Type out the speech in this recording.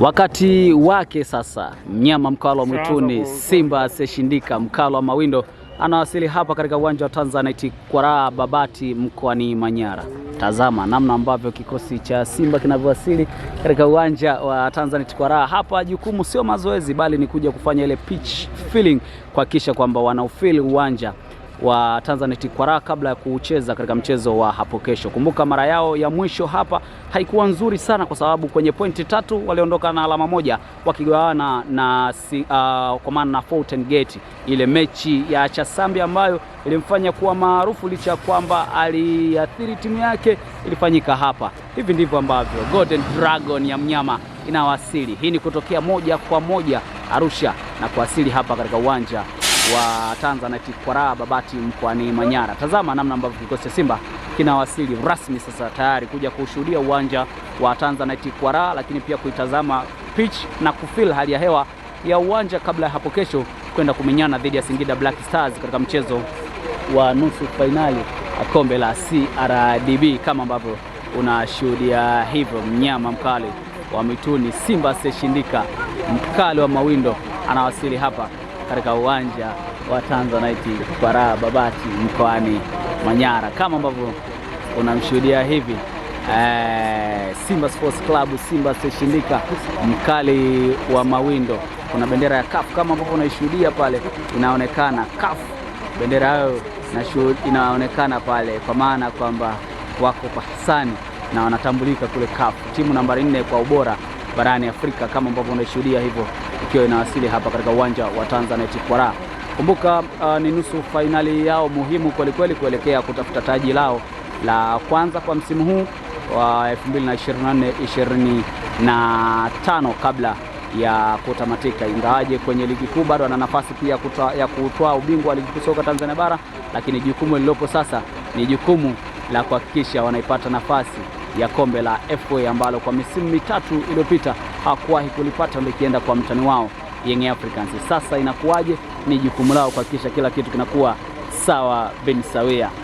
Wakati wake sasa. Mnyama mkali wa mwituni simba asiyeshindika, mkali wa mawindo anawasili hapa katika uwanja wa Tanzanite raha Babati mkoani Manyara. Tazama namna ambavyo kikosi cha Simba kinavyowasili katika uwanja wa Tanzanite raha. Hapa jukumu sio mazoezi, bali ni kuja kufanya ile pitch feeling, kuhakikisha kwamba wanaufili uwanja wa Tanzanite Kwaraa kabla ya kucheza katika mchezo wa hapo kesho. Kumbuka mara yao ya mwisho hapa haikuwa nzuri sana, kwa sababu kwenye pointi tatu waliondoka na alama moja wakigawana na si, uh, kwa maana na Fountain Gate, ile mechi ya Chasambi ambayo ilimfanya kuwa maarufu licha ya kwamba aliathiri timu yake ilifanyika hapa. Hivi ndivyo ambavyo Golden Dragon ya mnyama inawasili. Hii ni kutokea moja kwa moja Arusha na kuasili hapa katika uwanja wa Tanzanite Kwaraa Babati mkoani Manyara. Tazama namna ambavyo kikosi cha Simba kinawasili rasmi sasa tayari kuja kushuhudia uwanja wa Tanzanite Kwaraa, lakini pia kuitazama pitch na kufil hali ya hewa ya uwanja kabla ya hapo kesho kwenda kumenyana dhidi ya Singida Black Stars katika mchezo wa nusu fainali kombe la CRDB kama ambavyo unashuhudia hivyo. Mnyama mkali wa mituni Simba asiyeshindika, mkali wa mawindo anawasili hapa katika uwanja wa Tanzanite raha Babati mkoani Manyara kama ambavyo unamshuhudia hivi. Ee, Simba Sports Club Simba seshindika mkali wa mawindo. Kuna bendera ya CAF kama ambavyo unaishuhudia pale, inaonekana CAF bendera hayo inaonekana pale, kwa maana kwamba wako kwa hasani na wanatambulika kule CAF, timu nambari nne kwa ubora barani Afrika kama ambavyo unaishuhudia hivyo ikiwa inawasili hapa katika uwanja wa Tanzanite Kwaraa. Kumbuka uh, ni nusu fainali yao muhimu kwelikweli kuelekea kutafuta taji lao la kwanza kwa msimu huu wa 2024 25 kabla ya kutamatika. Ingawaje kwenye ligi kuu bado ana nafasi pia ya kutoa ubingwa wa ligi kuu soka Tanzania bara, lakini jukumu lililopo sasa ni jukumu la kuhakikisha wanaipata nafasi ya kombe la FA ambalo kwa misimu mitatu iliyopita hakuwahi kulipata likienda kwa mtani wao Young Africans. Sasa inakuwaje? Ni jukumu lao kuhakikisha kila kitu kinakuwa sawa bin sawia.